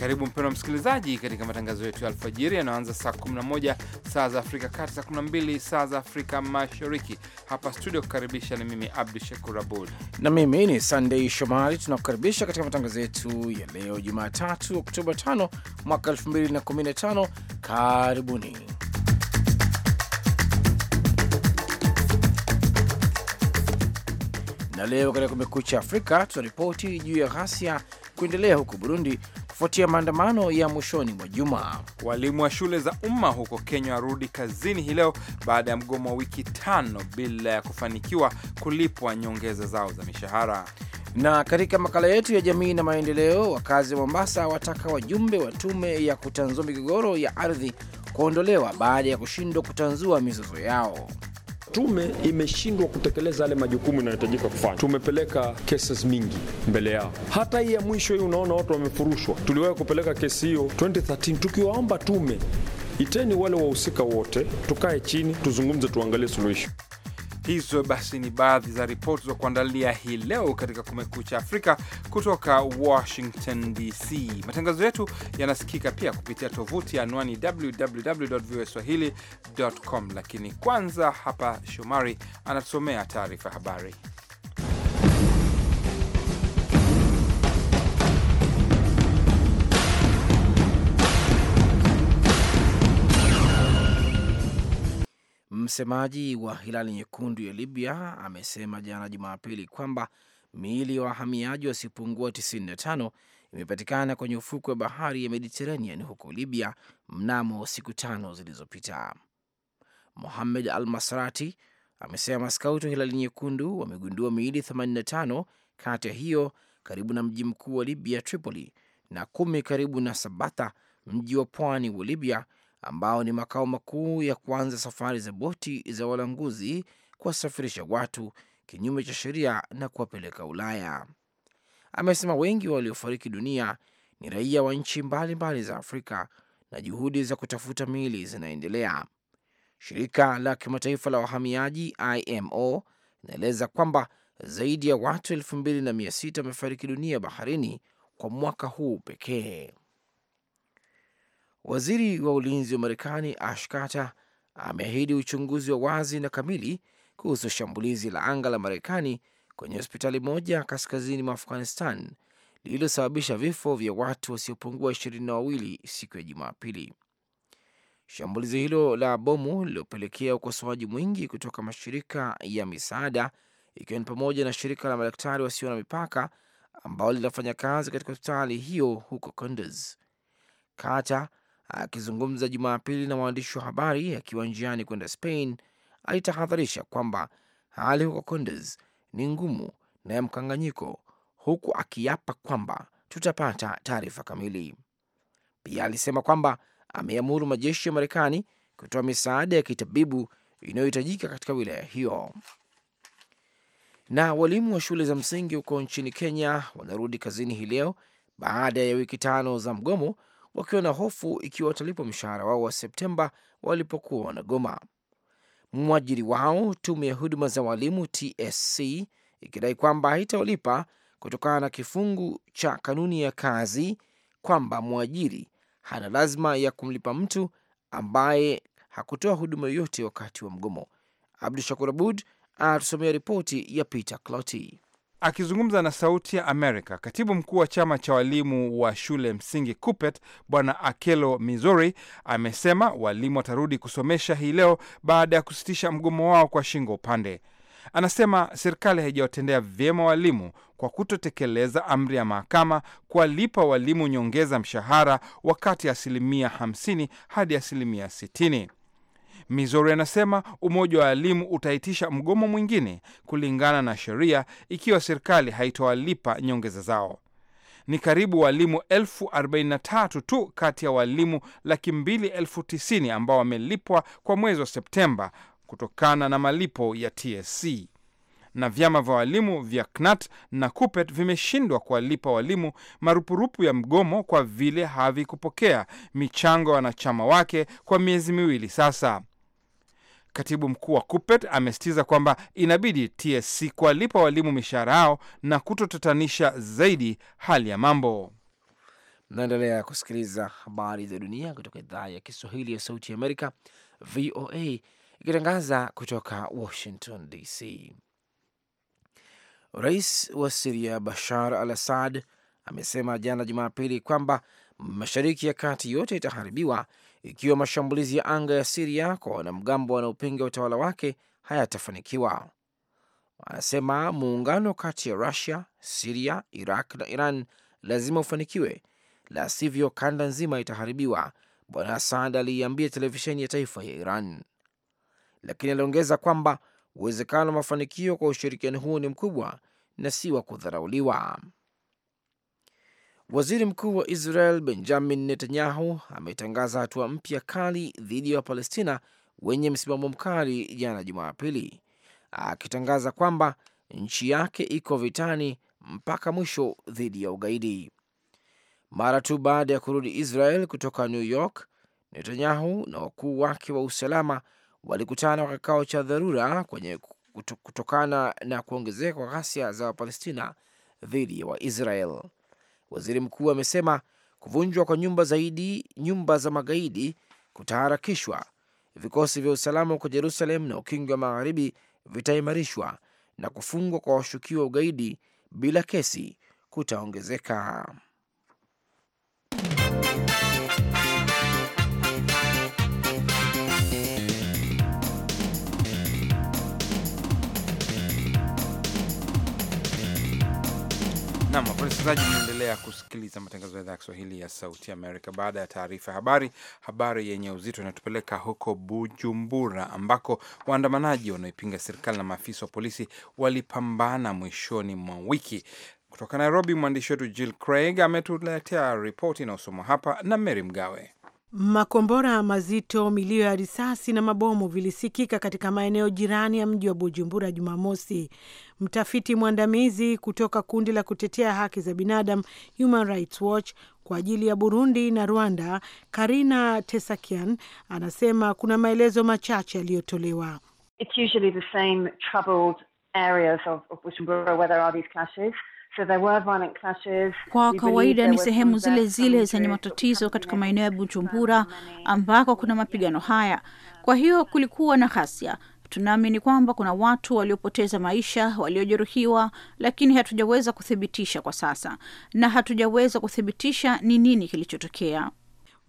Karibu mpendwa msikilizaji, katika matangazo yetu ya alfajiri yanaanza saa 11 saa za Afrika kati, saa 12 saa za Afrika Mashariki. Hapa studio kukaribisha ni mimi Abdu Shakur Abud na mimi ni Sandei Shomari. Tunakukaribisha katika matangazo yetu ya leo Jumatatu Oktoba 5 mwaka 2015. Karibuni. Na leo katika Kumekucha Afrika tunaripoti juu ya ghasia kuendelea huko Burundi kufuatia maandamano ya mwishoni mwa juma. Walimu wa shule za umma huko Kenya warudi kazini hii leo baada ya mgomo wa wiki tano bila ya kufanikiwa kulipwa nyongeza zao za mishahara. Na katika makala yetu ya jamii na maendeleo, wakazi wa Mombasa wataka wajumbe wa tume ya kutanzua migogoro ya ardhi kuondolewa baada ya kushindwa kutanzua mizozo yao tume imeshindwa kutekeleza yale majukumu inayohitajika kufanya. Tumepeleka cases mingi mbele yao, hata hii ya mwisho hii, unaona watu wamefurushwa. Tuliwahi kupeleka kesi hiyo 2013 tukiwaomba tume iteni wale wahusika wote, tukae chini tuzungumze, tuangalie suluhisho. Hizo basi ni baadhi za ripoti za kuandalia hii leo katika Kumekucha Afrika kutoka Washington DC. Matangazo yetu yanasikika pia kupitia tovuti ya anwani www.voaswahili.com, lakini kwanza hapa Shomari anatusomea taarifa habari. Msemaji wa Hilali Nyekundu ya Libya amesema jana Jumapili kwamba miili ya wahamiaji wasiopungua 95 imepatikana kwenye ufukwe wa bahari ya Mediterranean huko Libya mnamo siku tano zilizopita. Mohamed Al Masrati amesema maskauti wa Hilali Nyekundu wamegundua miili 85 kati ya hiyo karibu na mji mkuu wa Libya Tripoli na kumi karibu na Sabatha, mji wa pwani wa Libya ambao ni makao makuu ya kuanza safari za boti za walanguzi kuwasafirisha watu kinyume cha sheria na kuwapeleka Ulaya. Amesema wengi waliofariki dunia ni raia wa nchi mbalimbali za Afrika na juhudi za kutafuta miili zinaendelea. Shirika la kimataifa la wahamiaji IMO inaeleza kwamba zaidi ya watu elfu mbili na mia sita wamefariki dunia baharini kwa mwaka huu pekee. Waziri wa ulinzi wa Marekani Ash Carter ameahidi uchunguzi wa wazi na kamili kuhusu shambulizi la anga la Marekani kwenye hospitali moja kaskazini mwa Afghanistan lililosababisha vifo vya watu wasiopungua ishirini na wawili siku ya Jumapili. Shambulizi hilo la bomu lililopelekea ukosoaji mwingi kutoka mashirika ya misaada ikiwa ni pamoja na shirika la madaktari wasio na mipaka ambalo linafanya kazi katika hospitali hiyo huko Kunduz. Kata Akizungumza Jumapili na waandishi wa habari akiwa njiani kwenda Spain, alitahadharisha kwamba hali huko Condes ni ngumu na ya mkanganyiko, huku akiapa kwamba tutapata taarifa kamili. Pia alisema kwamba ameamuru majeshi ya Marekani kutoa misaada ya kitabibu inayohitajika katika wilaya hiyo. Na walimu wa shule za msingi huko nchini Kenya wanarudi kazini hii leo baada ya wiki tano za mgomo wakiwa na hofu ikiwa watalipwa mshahara wao wa Septemba walipokuwa wanagoma. Mwajiri wao tume ya huduma za walimu TSC ikidai kwamba haitawalipa kutokana na kifungu cha kanuni ya kazi kwamba mwajiri hana lazima ya kumlipa mtu ambaye hakutoa huduma yoyote wakati wa mgomo. Abdu Shakur Abud anatusomea ripoti ya Peter Cloti. Akizungumza na Sauti ya Amerika, katibu mkuu wa chama cha walimu wa shule msingi KUPPET Bwana Akelo missouri amesema walimu watarudi kusomesha hii leo baada ya kusitisha mgomo wao kwa shingo upande. Anasema serikali haijawatendea vyema walimu kwa kutotekeleza amri ya mahakama kuwalipa walimu nyongeza mshahara wakati ya asilimia 50 hadi asilimia 60. Mizori anasema umoja wa walimu utaitisha mgomo mwingine kulingana na sheria ikiwa serikali haitowalipa nyongeza zao. Ni karibu walimu elfu arobaini na tatu tu kati ya walimu laki mbili elfu tisini ambao wamelipwa kwa mwezi wa Septemba kutokana na malipo ya TSC na vyama vya walimu vya KNUT na KUPET vimeshindwa kuwalipa walimu marupurupu ya mgomo kwa vile havikupokea michango ya wanachama wake kwa miezi miwili sasa. Katibu mkuu wa cupet amesitiza kwamba inabidi TSC kuwalipa walimu mishahara yao na kutotatanisha zaidi hali ya mambo. Naendelea kusikiliza habari za dunia kutoka idhaa ya Kiswahili ya Sauti ya Amerika, VOA, ikitangaza kutoka Washington DC. Rais wa Siria Bashar al Assad amesema jana Jumapili kwamba Mashariki ya Kati yote itaharibiwa ikiwa mashambulizi ya anga ya Siria kwa wanamgambo wanaopinga utawala wake hayatafanikiwa. Anasema muungano kati ya Rusia, Siria, Iraq na Iran lazima ufanikiwe, la sivyo kanda nzima itaharibiwa. Bwana Asad aliiambia televisheni ya taifa ya Iran, lakini aliongeza kwamba uwezekano wa mafanikio kwa ushirikiano huo ni mkubwa na si wa kudharauliwa. Waziri mkuu wa Israel Benjamin Netanyahu ametangaza hatua mpya kali dhidi ya wa Wapalestina wenye msimamo mkali jana Jumapili, akitangaza kwamba nchi yake iko vitani mpaka mwisho dhidi ya ugaidi. Mara tu baada ya kurudi Israel kutoka New York, Netanyahu na wakuu wake wa usalama walikutana kwa kikao cha dharura kwenye kutokana na kuongezeka kwa ghasia za Wapalestina dhidi ya Waisrael. Waziri mkuu amesema kuvunjwa kwa nyumba zaidi nyumba za magaidi kutaharakishwa, vikosi vya usalama huko Jerusalem na ukingi wa magharibi vitaimarishwa na kufungwa kwa washukiwa ugaidi bila kesi kutaongezeka. Nam wasikilizaji, mnaendelea kusikiliza matangazo ya idhaa ya Kiswahili ya Sauti Amerika. Baada ya taarifa ya habari, habari yenye uzito inatupeleka huko Bujumbura ambako waandamanaji wanaoipinga serikali na maafisa wa polisi walipambana mwishoni mwa wiki. Kutoka Nairobi, mwandishi wetu Jill Craig ametuletea ripoti inayosomwa hapa na Mary Mgawe. Makombora mazito, milio ya risasi na mabomu vilisikika katika maeneo jirani ya mji wa Bujumbura Jumamosi. Mtafiti mwandamizi kutoka kundi la kutetea haki za binadamu Human Rights Watch kwa ajili ya Burundi na Rwanda, Karina Tesakian, anasema kuna maelezo machache yaliyotolewa. It's usually the same troubled areas of, of Bujumbura where there are these clashes. Kwa kawaida ni sehemu zile zile zenye matatizo katika maeneo ya Bujumbura ambako kuna mapigano haya. Kwa hiyo kulikuwa na ghasia. Tunaamini kwamba kuna watu waliopoteza maisha, waliojeruhiwa, lakini hatujaweza kuthibitisha kwa sasa, na hatujaweza kuthibitisha ni nini kilichotokea.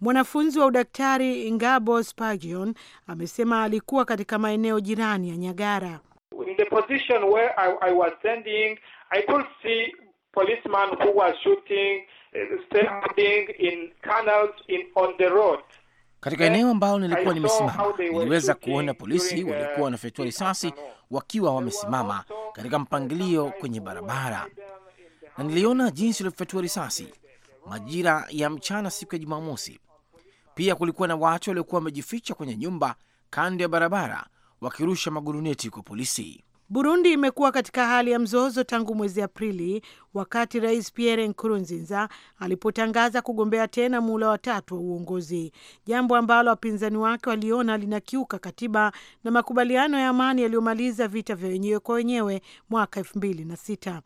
Mwanafunzi wa udaktari Ngabo Spagion amesema alikuwa katika maeneo jirani ya Nyagara. In the position where I, I was standing, I could see policemen who were shooting, eh, standing in canals in, on the road. Katika eneo ambalo nilikuwa nimesimama niliweza kuona polisi walikuwa eh, wanafyatua risasi wakiwa wamesimama katika mpangilio kwenye barabara, na niliona jinsi walivyofyatua risasi majira ya mchana siku ya Jumamosi. Pia kulikuwa na watu waliokuwa wamejificha kwenye nyumba kando ya barabara wakirusha maguruneti kwa polisi. Burundi imekuwa katika hali ya mzozo tangu mwezi Aprili wakati Rais Pierre Nkurunziza alipotangaza kugombea tena muhula wa tatu wa uongozi, jambo ambalo wapinzani wake waliona linakiuka katiba na makubaliano ya amani yaliyomaliza vita vya wenyewe kwa wenyewe mwaka elfu mbili na sita.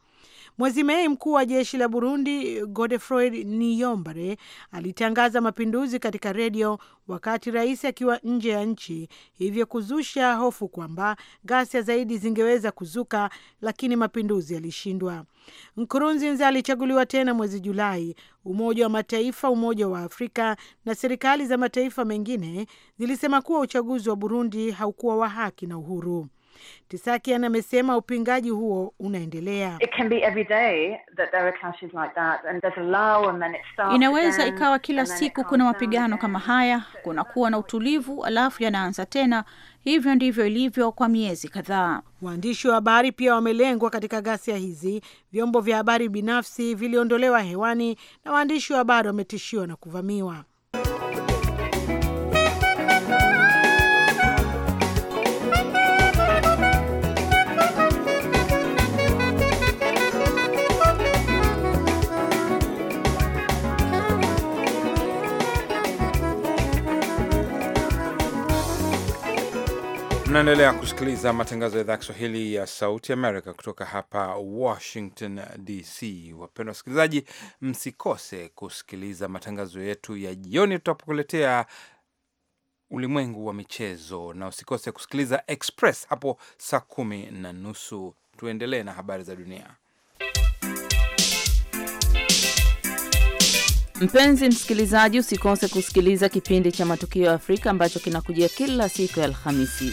Mwezi Mei, mkuu wa jeshi la Burundi Godefroid Niyombare alitangaza mapinduzi katika redio wakati rais akiwa nje ya nchi, hivyo kuzusha hofu kwamba ghasia zaidi zingeweza kuzuka, lakini mapinduzi yalishindwa. Nkurunziza alichaguliwa tena mwezi Julai. Umoja wa Mataifa, Umoja wa Afrika na serikali za mataifa mengine zilisema kuwa uchaguzi wa Burundi haukuwa wa haki na uhuru. Tisakian amesema upingaji huo unaendelea. Inaweza ikawa kila siku kuna mapigano kama haya, kunakuwa na utulivu, alafu yanaanza tena. Hivyo ndivyo ilivyo kwa miezi kadhaa. Waandishi wa habari pia wamelengwa katika ghasia hizi. Vyombo vya habari binafsi viliondolewa hewani na waandishi wa habari wametishiwa na kuvamiwa. Mnaendelea kusikiliza matangazo ya idhaa ya Kiswahili ya Sauti Amerika kutoka hapa Washington DC. Wapendwa wasikilizaji, msikose kusikiliza matangazo yetu ya jioni tutapokuletea ulimwengu wa michezo, na usikose kusikiliza Express hapo saa kumi na nusu. Tuendelee na habari za dunia. Mpenzi msikilizaji, usikose kusikiliza kipindi cha Matukio ya Afrika ambacho kinakujia kila siku ya Alhamisi.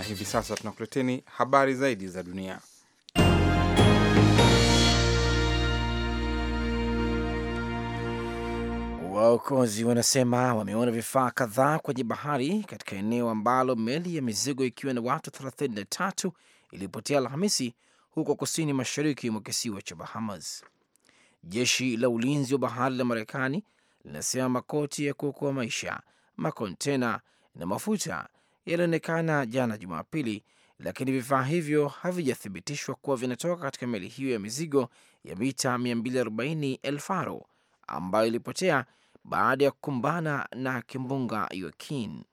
na hivi sasa tunakuleteni habari zaidi za dunia. Waokozi wanasema wameona vifaa kadhaa kwenye bahari katika eneo ambalo meli ya mizigo ikiwa na watu 33 ilipotea Alhamisi huko kusini mashariki mwa kisiwa cha Bahamas. Jeshi la ulinzi wa bahari la Marekani linasema makoti ya kuokoa maisha, makontena na mafuta yalionekana jana Jumapili, lakini vifaa hivyo havijathibitishwa kuwa vinatoka katika meli hiyo ya mizigo ya mita 240 El Faro ambayo ilipotea baada ya kukumbana na kimbunga Joaquin.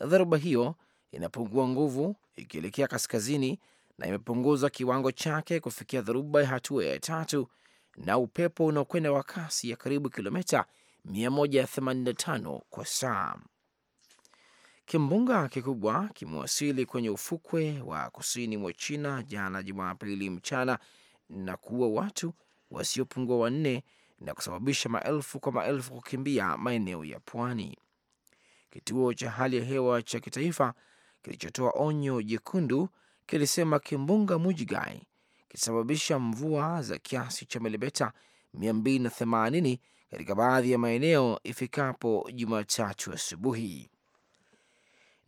Dharuba hiyo inapungua nguvu ikielekea kaskazini na imepunguza kiwango chake kufikia dharuba ya hatua ya tatu na upepo unaokwenda wa kasi ya karibu kilomita 185 kwa saa. Kimbunga kikubwa kimewasili kwenye ufukwe wa kusini mwa China jana Jumapili mchana na kuua watu wasiopungua wanne na kusababisha maelfu kwa maelfu kukimbia maeneo ya pwani. Kituo cha hali ya hewa cha kitaifa kilichotoa onyo jekundu kilisema kimbunga Mujigai kilisababisha mvua za kiasi cha milimeta 280 katika baadhi ya maeneo ifikapo Jumatatu asubuhi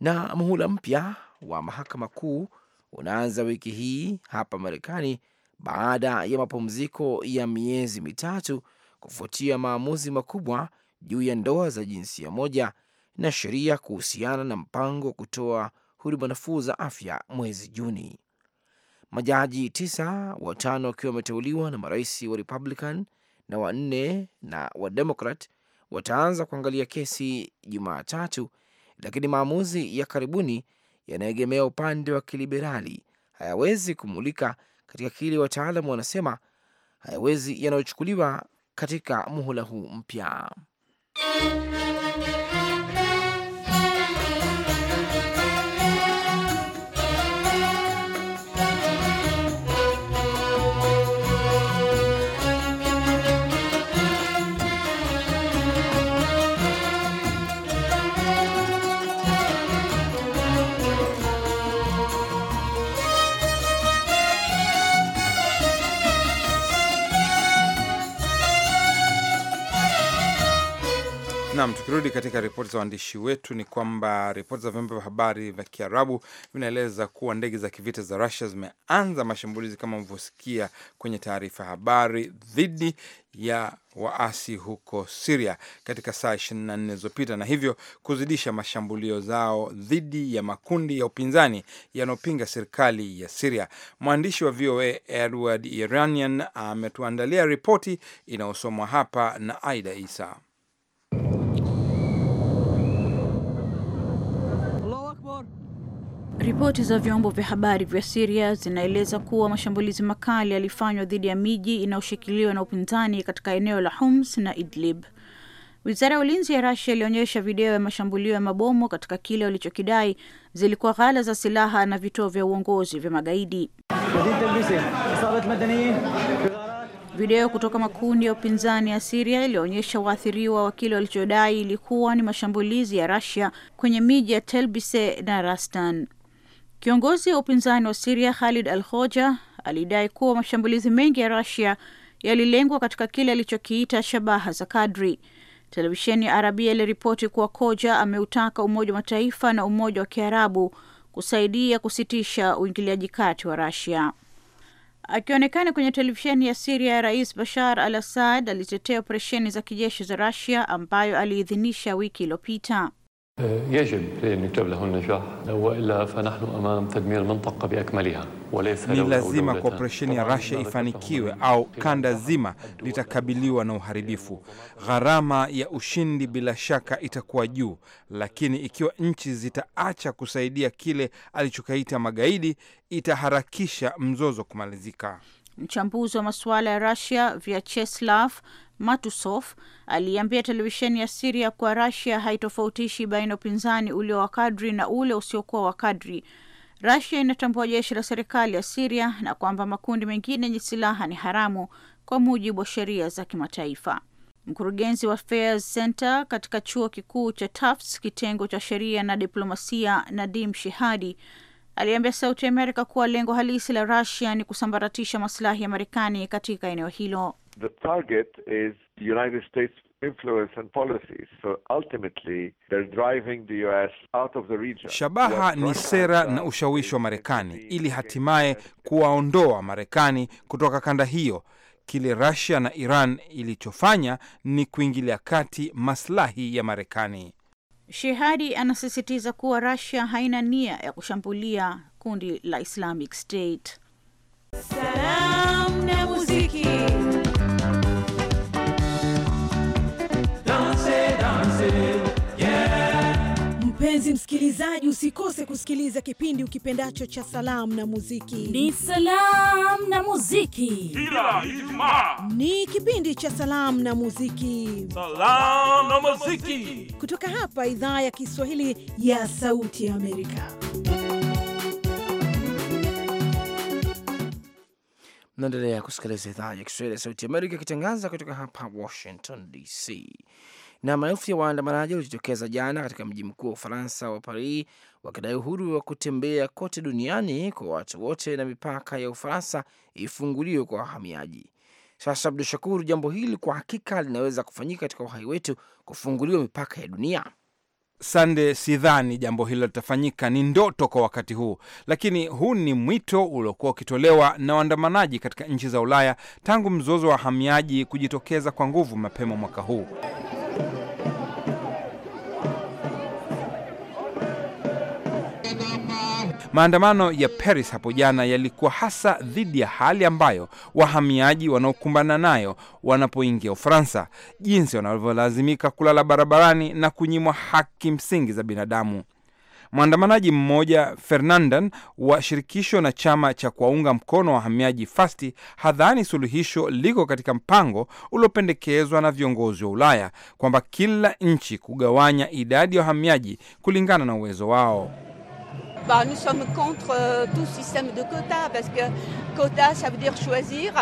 na muhula mpya wa mahakama kuu unaanza wiki hii hapa Marekani baada ya mapumziko ya miezi mitatu kufuatia maamuzi makubwa juu ya ndoa za jinsia moja na sheria kuhusiana na mpango wa kutoa huduma nafuu za afya mwezi Juni. Majaji tisa, watano wakiwa wameteuliwa na marais wa Republican na wanne na wa Democrat wataanza kuangalia kesi Jumatatu lakini maamuzi ya karibuni yanaegemea upande wa kiliberali hayawezi kumulika katika kile wataalamu wanasema hayawezi yanayochukuliwa katika muhula huu mpya. Nam, tukirudi katika ripoti za waandishi wetu ni kwamba ripoti za vyombo vya habari vya Kiarabu vinaeleza kuwa ndege za kivita za Rusia zimeanza mashambulizi kama mlivyosikia kwenye taarifa ya habari dhidi ya waasi huko Siria katika saa 24 zilizopita, na hivyo kuzidisha mashambulio zao dhidi ya makundi ya upinzani yanayopinga serikali ya Siria. Mwandishi wa VOA Edward Iranian ametuandalia ripoti inayosomwa hapa na Aida Isa. Ripoti za vyombo vya habari vya Siria zinaeleza kuwa mashambulizi makali yalifanywa dhidi ya miji inayoshikiliwa na upinzani katika eneo la Homs na Idlib. Wizara ya ulinzi ya Rasia ilionyesha video ya mashambulio ya mabomu katika kile walichokidai zilikuwa ghala za silaha na vituo vya uongozi vya magaidi. Video kutoka makundi ya upinzani ya Siria ilionyesha waathiriwa wa kile walichodai ilikuwa ni mashambulizi ya Rasia kwenye miji ya Telbise na Rastan. Kiongozi wa upinzani wa Siria Khalid Al Hoja alidai kuwa mashambulizi mengi ya Rusia yalilengwa katika kile alichokiita shabaha za kadri. Televisheni ya Arabia iliripoti kuwa Koja ameutaka Umoja wa Mataifa na Umoja wa Kiarabu kusaidia kusitisha uingiliaji kati wa Rusia. Akionekana kwenye televisheni ya Siria ya Rais Bashar al Assad alitetea operesheni za kijeshi za Rusia ambayo aliidhinisha wiki iliyopita ni lazima kwa operesheni ya Russia ifanikiwe au kanda zima litakabiliwa na uharibifu. Gharama ya ushindi bila shaka itakuwa juu, lakini ikiwa nchi zitaacha kusaidia kile alichokaita magaidi, itaharakisha mzozo kumalizika. Mchambuzi wa masuala ya Russia Vyacheslav Matusof aliambia televisheni ya Siria kuwa Rasia haitofautishi baina ya upinzani ulio wa kadri na ule usiokuwa wa kadri. Rasia inatambua jeshi la serikali ya Siria na kwamba makundi mengine yenye silaha ni haramu kwa mujibu wa sheria za kimataifa. Mkurugenzi wa Fairs Center katika chuo kikuu cha Tufts kitengo cha sheria na diplomasia, Nadim Shihadi aliambia Sauti ya Amerika kuwa lengo halisi la Rasia ni kusambaratisha masilahi ya Marekani katika eneo hilo the target is the United States influence and policies. So ultimately, they're driving the US out of the region. Shabaha ni sera na ushawishi wa Marekani ili hatimaye kuwaondoa Marekani kutoka kanda hiyo. Kile Russia na Iran ilichofanya ni kuingilia kati maslahi ya Marekani. Shehadi anasisitiza kuwa Russia haina nia ya kushambulia kundi la Islamic State. Salam na muziki. Mpenzi msikilizaji, usikose kusikiliza kipindi ukipendacho cha salamu na muziki. Ni salamu na muziki kila Ijumaa, ni kipindi cha salamu na muziki, salamu na muziki kutoka hapa idhaa ya Kiswahili ya Sauti ya Amerika. Naendelea kusikiliza idhaa ya Kiswahili ya Sauti Amerika ikitangaza kutoka hapa Washington DC na maelfu ya waandamanaji walijitokeza jana katika mji mkuu wa Ufaransa wa Paris wakidai uhuru wa kutembea kote duniani kwa watu wote na mipaka ya Ufaransa ifunguliwe kwa wahamiaji. Sasa Abdu Shakur, jambo hili kwa hakika linaweza kufanyika katika uhai wetu, kufunguliwa mipaka ya dunia? Sande, sidhani jambo hilo litafanyika, ni ndoto kwa wakati huu, lakini huu ni mwito uliokuwa ukitolewa na waandamanaji katika nchi za Ulaya tangu mzozo wa wahamiaji kujitokeza kwa nguvu mapema mwaka huu. Maandamano ya Paris hapo jana yalikuwa hasa dhidi ya hali ambayo wahamiaji wanaokumbana nayo wanapoingia Ufaransa, jinsi wanavyolazimika kulala barabarani na kunyimwa haki msingi za binadamu. Mwandamanaji mmoja Fernandan wa shirikisho na chama cha kuwaunga mkono wa wahamiaji Fasti hadhani suluhisho liko katika mpango uliopendekezwa na viongozi wa Ulaya kwamba kila nchi kugawanya idadi ya wahamiaji kulingana na uwezo wao bah, nous sommes contre euh, tout système de quotas parce que quota ça veut dire choisir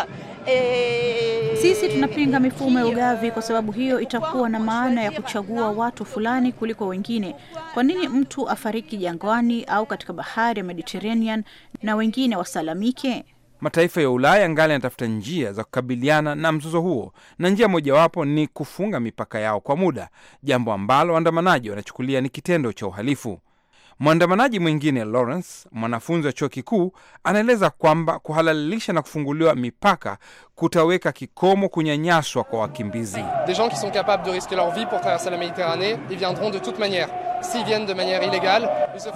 et... Sisi tunapinga mifumo ya ugavi kwa sababu hiyo itakuwa na maana ya kuchagua watu fulani kuliko wengine. Kwa nini mtu afariki jangwani au katika bahari ya Mediterranean na wengine wasalamike? Mataifa ya Ulaya ngali yanatafuta njia za kukabiliana na mzozo huo, na njia mojawapo ni kufunga mipaka yao kwa muda, jambo ambalo waandamanaji wanachukulia ni kitendo cha uhalifu. Mwandamanaji mwingine Lawrence, mwanafunzi wa chuo kikuu, anaeleza kwamba kuhalalisha na kufunguliwa mipaka kutaweka kikomo kunyanyaswa kwa wakimbizi. Des gens qui sont capables de risquer leur vie pour traverser la ils viendront de toute manière. S'ils viennent de manière illégale,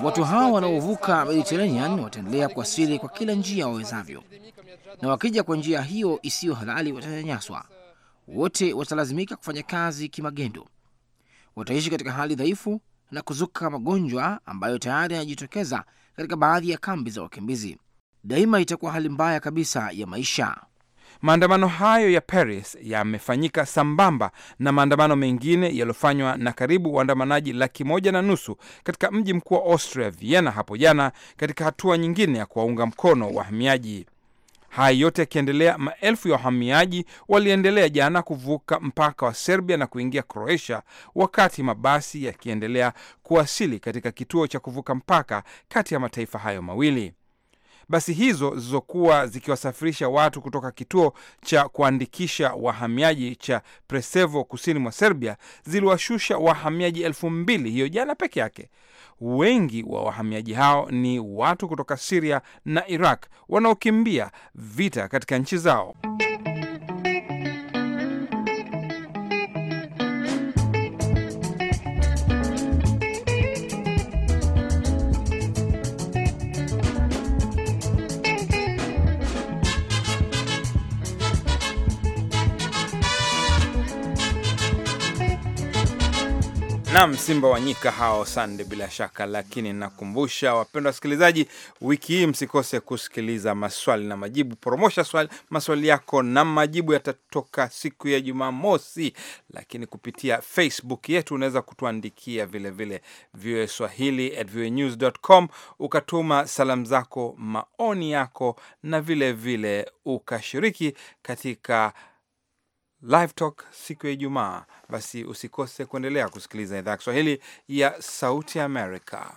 watu hawa wanaovuka Mediterranean wataendelea kuasili kwa kila njia wawezavyo, na wakija kwa njia hiyo isiyo halali watanyanyaswa. Wote watalazimika kufanya kazi kimagendo, wataishi katika hali dhaifu na kuzuka magonjwa ambayo tayari yanajitokeza katika baadhi ya kambi za wakimbizi, daima itakuwa hali mbaya kabisa ya maisha. Maandamano hayo ya Paris yamefanyika sambamba na maandamano mengine yaliyofanywa na karibu waandamanaji laki moja na nusu katika mji mkuu wa Austria, Vienna, hapo jana, katika hatua nyingine ya kuwaunga mkono wahamiaji. Haya yote yakiendelea, maelfu ya wahamiaji waliendelea jana kuvuka mpaka wa Serbia na kuingia Kroatia, wakati mabasi yakiendelea kuwasili katika kituo cha kuvuka mpaka kati ya mataifa hayo mawili. Basi hizo zilizokuwa zikiwasafirisha watu kutoka kituo cha kuandikisha wahamiaji cha Presevo kusini mwa Serbia ziliwashusha wahamiaji elfu mbili hiyo jana peke yake wengi wa wahamiaji hao ni watu kutoka Siria na Iraq wanaokimbia vita katika nchi zao. Naam, Simba wa nyika hao sande, bila shaka. Lakini nakumbusha wapendwa wasikilizaji, wiki hii msikose kusikiliza maswali na majibu. promosha swali, maswali yako na majibu yatatoka siku ya Jumamosi, lakini kupitia Facebook yetu unaweza kutuandikia vilevile VOA Swahili at voanews.com, ukatuma salamu zako, maoni yako na vilevile vile ukashiriki katika Live Talk siku ya Ijumaa. Basi usikose kuendelea kusikiliza idhaa ya Kiswahili ya Sauti Amerika.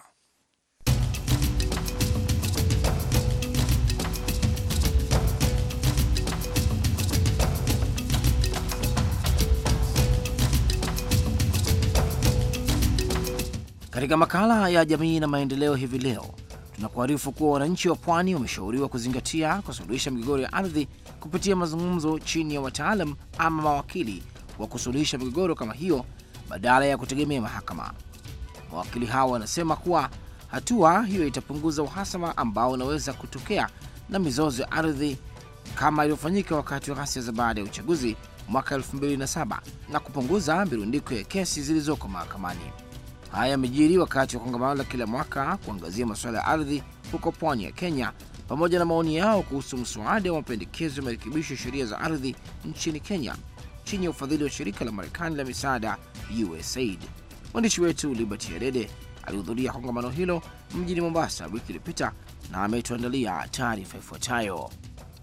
Katika makala ya jamii na maendeleo hivi leo tunakuarifu kuwa wananchi wa pwani wameshauriwa kuzingatia kusuluhisha migogoro ya ardhi kupitia mazungumzo chini ya wataalam ama mawakili wa kusuluhisha migogoro kama hiyo badala ya kutegemea mahakama. Mawakili hao wanasema kuwa hatua hiyo itapunguza uhasama ambao unaweza kutokea na mizozo ya ardhi kama ilivyofanyika wakati wa ghasia za baada ya uchaguzi mwaka 2007 na kupunguza mirundiko ya kesi zilizoko mahakamani. Haya yamejiri wakati wa kongamano la kila mwaka kuangazia masuala ya ardhi huko pwani ya Kenya pamoja na maoni yao kuhusu mswada wa mapendekezo ya marekebisho ya sheria za ardhi nchini Kenya chini ya ufadhili wa shirika la Marekani la misaada USAID. Mwandishi wetu Liberty Adede alihudhuria kongamano hilo mjini Mombasa wiki iliyopita na ametuandalia taarifa ifuatayo.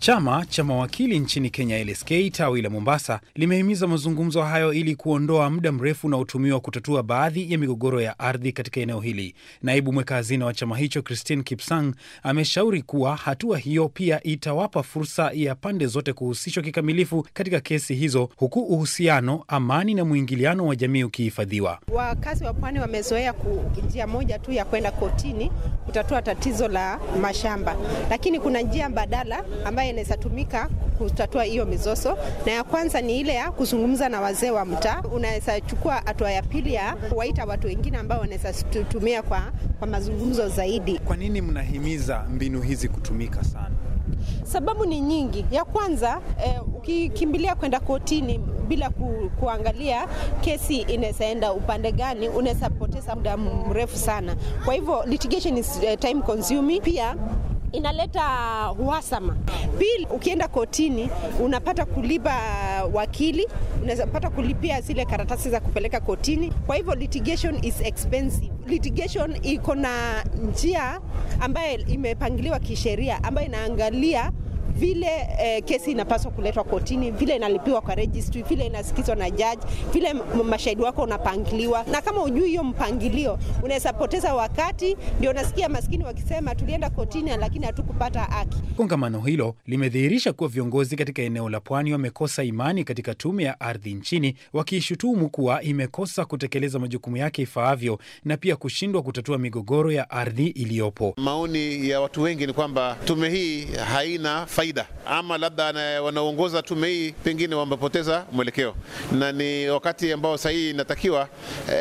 Chama cha mawakili nchini Kenya, LSK tawi la Mombasa, limehimiza mazungumzo hayo ili kuondoa muda mrefu unaotumiwa kutatua baadhi ya migogoro ya ardhi katika eneo hili. Naibu mweka hazina wa chama hicho Christine Kipsang ameshauri kuwa hatua hiyo pia itawapa fursa ya pande zote kuhusishwa kikamilifu katika kesi hizo, huku uhusiano, amani na mwingiliano wa jamii ukihifadhiwa. Wakazi wa pwani wamezoea njia moja tu ya kwenda kotini kutatua tatizo la mashamba, lakini kuna njia mbadala ambayo ambayo inaweza tumika kutatua hiyo mizozo, na ya kwanza ni ile ya kuzungumza na wazee wa mtaa. Unaweza chukua hatua ya pili ya kuwaita watu wengine ambao wanaweza tumia kwa, kwa mazungumzo zaidi. Kwa nini mnahimiza mbinu hizi kutumika sana? Sababu ni nyingi. Ya kwanza eh, ukikimbilia kwenda kotini bila ku, kuangalia kesi inawezaenda upande gani, unaweza poteza muda mrefu sana. Kwa hivyo litigation is eh, time consuming pia inaleta uhasama. Pili, ukienda kotini unapata kulipa wakili, unapata kulipia zile karatasi za kupeleka kotini. Kwa hivyo litigation is expensive. Litigation iko na njia ambayo imepangiliwa kisheria ambayo inaangalia vile eh, kesi inapaswa kuletwa kotini, vile inalipiwa kwa registry, vile inasikizwa na judge, vile mashahidi wako unapangiliwa. Na kama ujui hiyo mpangilio, unaweza poteza wakati. Ndio unasikia maskini wakisema tulienda kotini, lakini hatukupata haki. Kongamano hilo limedhihirisha kuwa viongozi katika eneo la pwani wamekosa imani katika tume ya ardhi nchini, wakiishutumu kuwa imekosa kutekeleza majukumu yake ifaavyo na pia kushindwa kutatua migogoro ya ardhi iliyopo. Maoni ya watu wengi ni kwamba tume hii haina faida kawaida ama labda wanaongoza tume hii pengine wamepoteza mwelekeo, na ni wakati ambao sahihi inatakiwa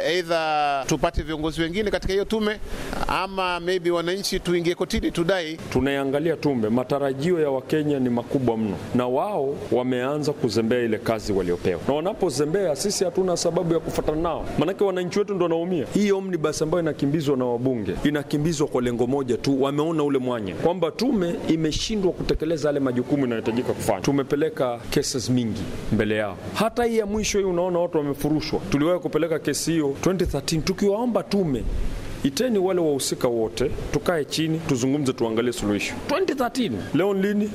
aidha eh, tupate viongozi wengine katika hiyo tume, ama maybe wananchi tuingie kotini tudai. Tunaiangalia tume, matarajio ya Wakenya ni makubwa mno, na wao wameanza kuzembea ile kazi waliopewa, na wanapozembea sisi hatuna sababu ya kufatana nao, manake wananchi wetu ndo wanaumia. Hii omnibus ambayo inakimbizwa na wabunge inakimbizwa kwa lengo moja tu, wameona ule mwanya kwamba tume imeshindwa kutekeleza yale majukumu yanayohitajika kufanya. Tumepeleka cases mingi mbele yao, hata hii ya mwisho hii, unaona watu wamefurushwa. Tuliwahi kupeleka kesi hiyo 2013 tukiwaomba tume iteni wale wahusika wote, tukae chini, tuzungumze, tuangalie suluhisho. 2013 leo lini?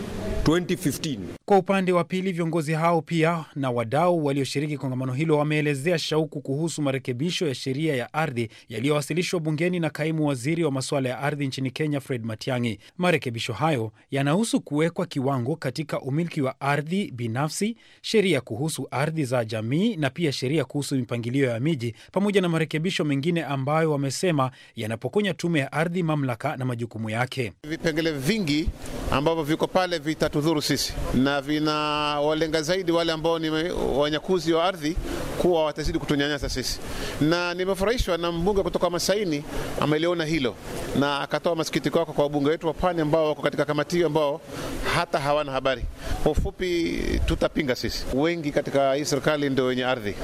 2015. Kwa upande wa pili, viongozi hao pia na wadau walioshiriki kongamano hilo wameelezea shauku kuhusu marekebisho ya sheria ya ardhi yaliyowasilishwa bungeni na kaimu waziri wa masuala ya ardhi nchini Kenya, Fred Matiang'i. Marekebisho hayo yanahusu kuwekwa kiwango katika umiliki wa ardhi binafsi, sheria kuhusu ardhi za jamii na pia sheria kuhusu mipangilio ya miji, pamoja na marekebisho mengine ambayo wamesema yanapokonya tume ya ardhi mamlaka na majukumu yake. Vipengele vingi ambavyo viko pale vitatudhuru sisi na vinawalenga zaidi wale ambao ni wanyakuzi wa ardhi kuwa watazidi kutunyanyasa sisi, na nimefurahishwa na mbunge kutoka Masaini ameliona hilo na akatoa masikitiko yako kwa wabunge wetu wa Pwani ambao wako katika kamati hiyo ambao hata hawana habari. Kwa ufupi, tutapinga sisi. Wengi katika hii serikali ndio wenye ardhi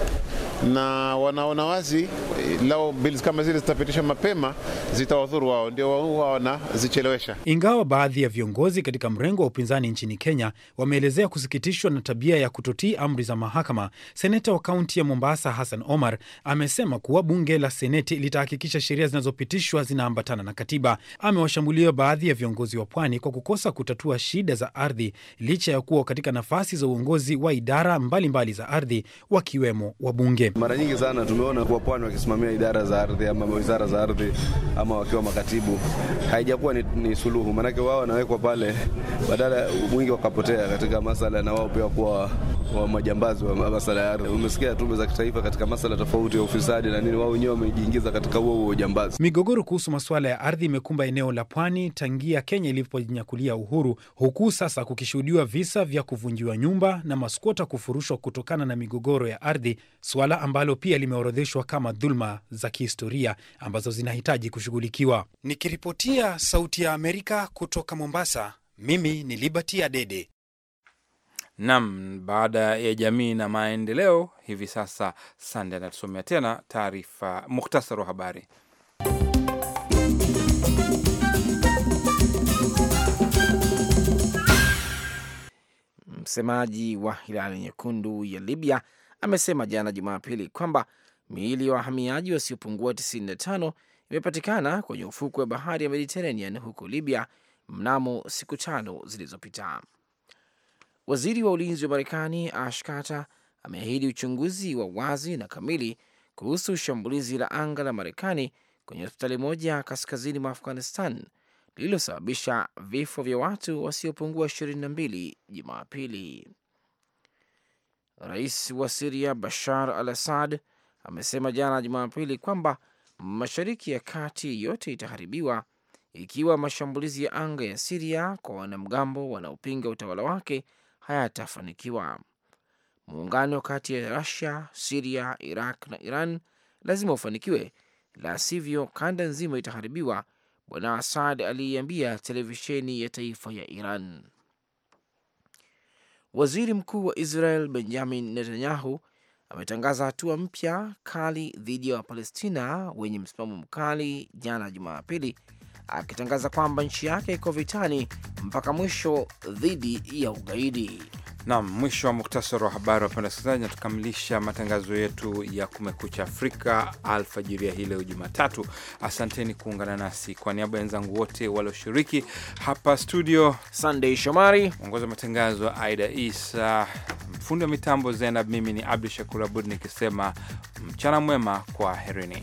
na wanaona wazi eh, lao bills kama zile zitapitishwa mapema zitawadhuru wao, ndio wao wanazichelewesha. Ingawa baadhi ya viongozi katika mrengo wa upinzani nchini Kenya wameelezea kusikitishwa na tabia ya kutotii amri za mahakama, seneta wa kaunti ya Mombasa Hassan Omar amesema kuwa bunge la seneti litahakikisha sheria zinazopitishwa zinaambatana na katiba. Amewashambulia baadhi ya viongozi wa pwani kwa kukosa kutatua shida za ardhi licha ya kuwa katika nafasi za uongozi wa idara mbalimbali mbali za ardhi wakiwemo wabunge. Mara nyingi sana tumeona kuwa pwani wakisimamia idara za ardhi ama wizara za ardhi ama wakiwa makatibu, haijakuwa ni, ni suluhu, maanake wao wanawekwa pale badala mwingi wakapotea katika masala na wao pia kuwa wa majambazi wa masala ya ardhi. Umesikia tume za kitaifa katika masala tofauti ya ufisadi na nini, wao wenyewe wamejiingiza katika huo huo ujambazi. Migogoro kuhusu masuala ya ardhi imekumba eneo la pwani tangia Kenya ilipojinyakulia uhuru, huku sasa kukishuhudiwa visa vya kuvunjiwa nyumba na maskwota kufurushwa kutokana na migogoro ya ardhi, swala ambalo pia limeorodheshwa kama dhuluma za kihistoria ambazo zinahitaji kushughulikiwa. Nikiripotia Sauti ya Amerika kutoka Mombasa, mimi ni Liberty Adede. Nam, baada ya jamii na maendeleo, hivi sasa Sande anatusomea tena taarifa, muhtasari wa habari. Msemaji wa Hilali Nyekundu ya Libya amesema jana Jumapili kwamba miili ya wahamiaji wasiopungua 95 imepatikana kwenye ufukwe wa bahari ya Mediterranean huko Libya mnamo siku tano zilizopita. Waziri wa ulinzi wa Marekani Ash Carter ameahidi uchunguzi wa wazi na kamili kuhusu shambulizi la anga la Marekani kwenye hospitali moja kaskazini mwa Afghanistan lililosababisha vifo vya watu wasiopungua 22 Jumapili. Rais wa Siria Bashar al Assad amesema jana Jumapili kwamba mashariki ya kati yote itaharibiwa ikiwa mashambulizi ya anga ya Siria kwa wanamgambo wanaopinga utawala wake hayatafanikiwa. Muungano kati ya Rusia, Siria, Iraq na Iran lazima ufanikiwe, la sivyo kanda nzima itaharibiwa, Bwana Asad aliiambia televisheni ya taifa ya Iran. Waziri Mkuu wa Israel Benjamin Netanyahu ametangaza hatua mpya kali dhidi ya Wapalestina wenye msimamo mkali jana Jumapili akitangaza kwamba nchi yake iko vitani mpaka mwisho dhidi ya ugaidi. Nam, mwisho wa muktasari wa habari. Wapenda wasikilizaji, natukamilisha matangazo yetu ya Kumekucha Afrika alfajiri ya hii leo Jumatatu. Asanteni kuungana nasi. Kwa niaba ya wenzangu wote walioshiriki hapa studio, Sandey Shomari mwongozi wa matangazo, Aida Isa mfundi wa mitambo, Zenab mimi ni Abdu Shakur Abud nikisema mchana mwema, kwa herini.